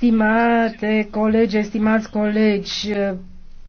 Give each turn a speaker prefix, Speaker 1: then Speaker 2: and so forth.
Speaker 1: Stimate colegi, stimați colegi,